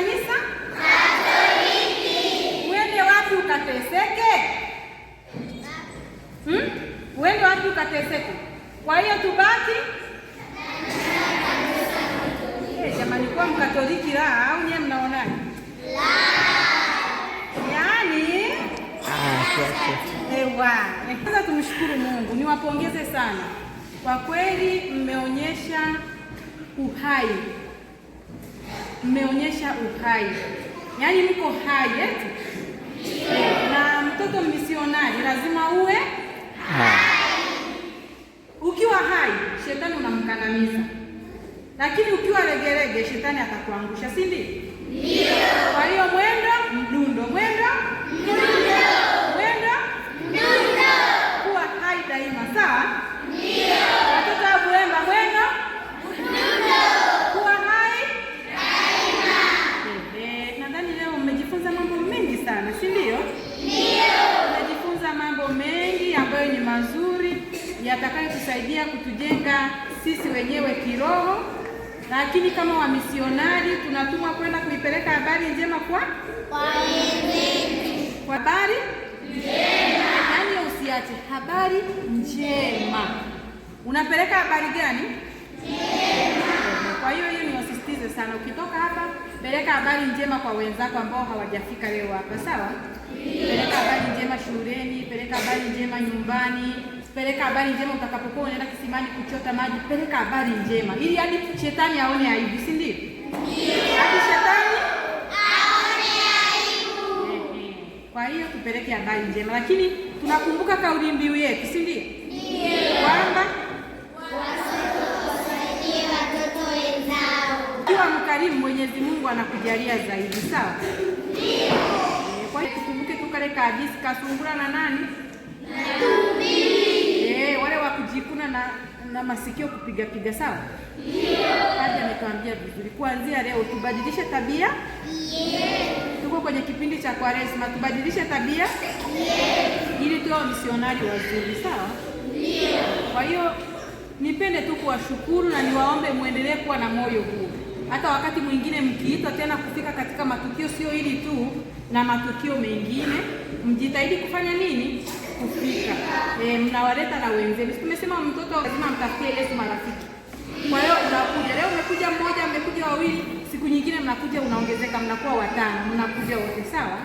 kanisa Katoliki. Uende wapi ukateseke? Hmm? Uende wapi ukateseke? Kwa hiyo tubaki hey, eh, jamani kwa Mkatoliki la au nyewe mnaonaje? Yaani ah, ewa eh, kwanza tumshukuru Mungu, niwapongeze sana kwa kweli, mmeonyesha uhai mmeonyesha uhai, yaani mko hai eti. Eh? Na mtoto misionari lazima uwe hai. Ukiwa hai shetani unamkandamiza, lakini ukiwa legelege shetani atakuangusha, si ndio? Kwa hiyo mwendo mdundo, mwendo mdundo. mazuri yatakayotusaidia kutujenga sisi wenyewe kiroho, lakini kama wamisionari tunatumwa kwenda kuipeleka habari njema kwa kwa habari njema. Yani usiache habari njema, unapeleka habari gani njema? Kwa hiyo hiyo niwasisitize sana, ukitoka hapa peleka habari njema kwa wenzako ambao hawajafika leo hapa, sawa? peleka habari njema shuleni, peleka habari njema nyumbani, peleka habari njema utakapokuwa unaenda kisimani kuchota maji, peleka habari njema ili hadi shetani aone aibu, si ndio? Hadi shetani aone aibu. Kwa hiyo tupeleke habari njema, lakini tunakumbuka kauli mbiu yetu, si ndio? Kwamba mkarimu, Mwenyezi Mungu anakujalia zaidi, sawa? Ndio. Kwa hiyo tukumbuke tu kale kaajisi kasungura na nani eh, wale wa kujikuna na, na masikio kupiga piga, sawa? Hadi ametuambia vizuri. Kuanzia leo tubadilishe tabia yeah. Tuko kwenye kipindi cha Kwaresma, tubadilishe tabia yeah. Ili tuwe wa wazuri, sawa? Kwa hiyo nipende tu kuwashukuru na niwaombe muendelee kuwa na moyo huu hata wakati mwingine mkiitwa tena kufika katika matukio, sio hili tu na matukio mengine, mjitahidi kufanya nini? Kufika. E, mnawaleta na wenzenu. Tumesema mtoto lazima mtafie Yesu marafiki. Kwa hiyo unakuja leo, umekuja mmoja, mmekuja wawili, siku nyingine mnakuja, unaongezeka, mnakuwa watano, mnakuja wote, sawa?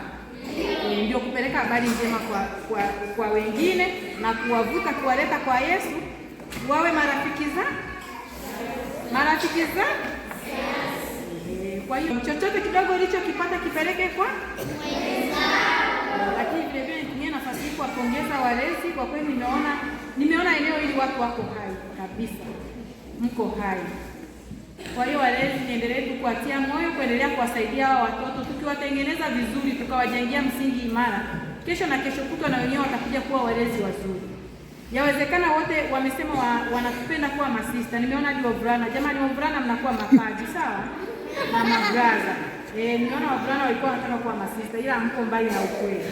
E, ndio kupeleka habari njema kwa, kwa, kwa wengine na kuwavuta kuwaleta kwa Yesu wawe marafiki za marafiki za kwa hiyo chochote kidogo ulichokipata kipeleke kwa lakini vile vile nitumie nafasi hii kuwapongeza walezi. Kwa kweli nimeona nimeona eneo hili watu wako hai kabisa, mko hai. Kwa hiyo walezi, niendelee tu kuwatia moyo, kuendelea kuwasaidia hao watoto, tukiwatengeneza vizuri, tukawajengia msingi imara, kesho na kesho kutwa na wenyewe watakuja kuwa walezi wazuri. Yawezekana wote wamesema wa, wanakupenda kuwa masista. Nimeona hadi wavulana. Jamani, wavulana mnakuwa mapaji sawa na mabraza. Eh, nimeona wavulana walikuwa wanataka kuwa masista, ila mko mbali na ukweli.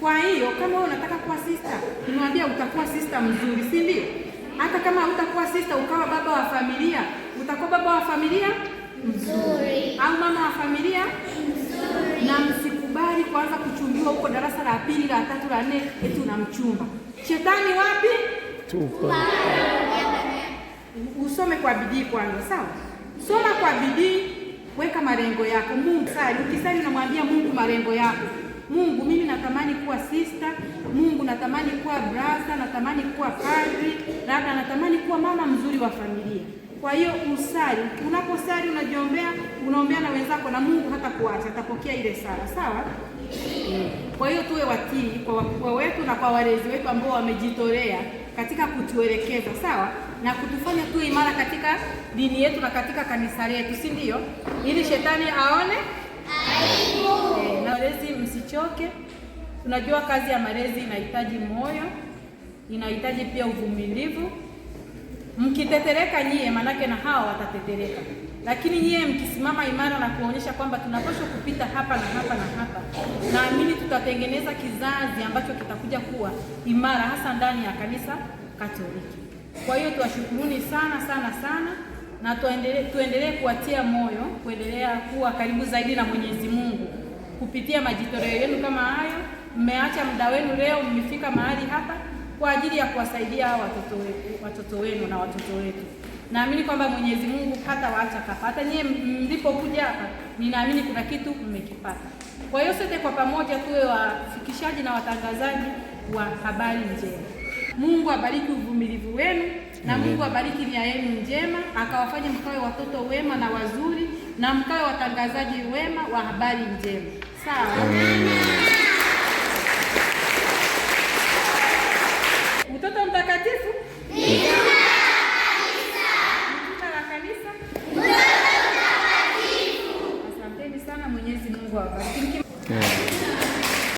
Kwa hiyo kama wewe unataka kuwa sista, nimwambia utakuwa sista mzuri, si ndio? Hata kama utakuwa sista ukawa baba wa familia, utakuwa baba wa familia mzuri au mama wa familia mzuri na habari kuanza kuchumbiwa huko darasa la pili la tatu la nne, eti unamchumba shetani wapi? Tupa. Usome kwa bidii kwanza, sawa? Soma kwa bidii, weka malengo yako. Mungu sali, ukisali unamwambia Mungu malengo yako. Mungu, mimi natamani kuwa sister. Mungu, natamani kuwa brother, natamani kuwa padri, labda natamani kuwa mama mzuri wa familia. Kwa hiyo usali, unaposali unajiombea, unaombea na wenzako, na Mungu hata kuacha atapokea ile sala, sawa. Kwa hiyo tuwe watii kwa wakubwa wetu na kwa walezi wetu ambao wamejitolea katika kutuelekeza, sawa, na kutufanya tuwe imara katika dini yetu na katika kanisa letu, si ndio? Ili shetani aone aibu. Eh, na walezi msichoke, tunajua kazi ya malezi inahitaji moyo, inahitaji pia uvumilivu mkitetereka nyie, manake na hawa watatetereka, lakini nyie mkisimama imara na kuonyesha kwamba tunapaswa kupita hapa na hapa na hapa, naamini tutatengeneza kizazi ambacho kitakuja kuwa imara, hasa ndani ya kanisa Katoliki. Kwa hiyo tuwashukuruni sana sana sana, na tuendelee tuendelee kuwatia moyo kuendelea kuwa karibu zaidi na Mwenyezi Mungu kupitia majitoleo yenu kama hayo. Mmeacha muda wenu leo, mmefika mahali hapa kwa ajili ya kuwasaidia watoto watoto wenu na watoto wetu. Naamini kwamba Mwenyezi Mungu hata waacha kapa. hata nyie mlipokuja hapa, ninaamini kuna kitu mmekipata. Kwa hiyo sote kwa pamoja tuwe wafikishaji na watangazaji wa habari njema. Mungu abariki uvumilivu wenu na Mungu abariki nia yenu njema, akawafanye mkawe watoto wema na wazuri na mkawe watangazaji wema wa habari njema. Sawa.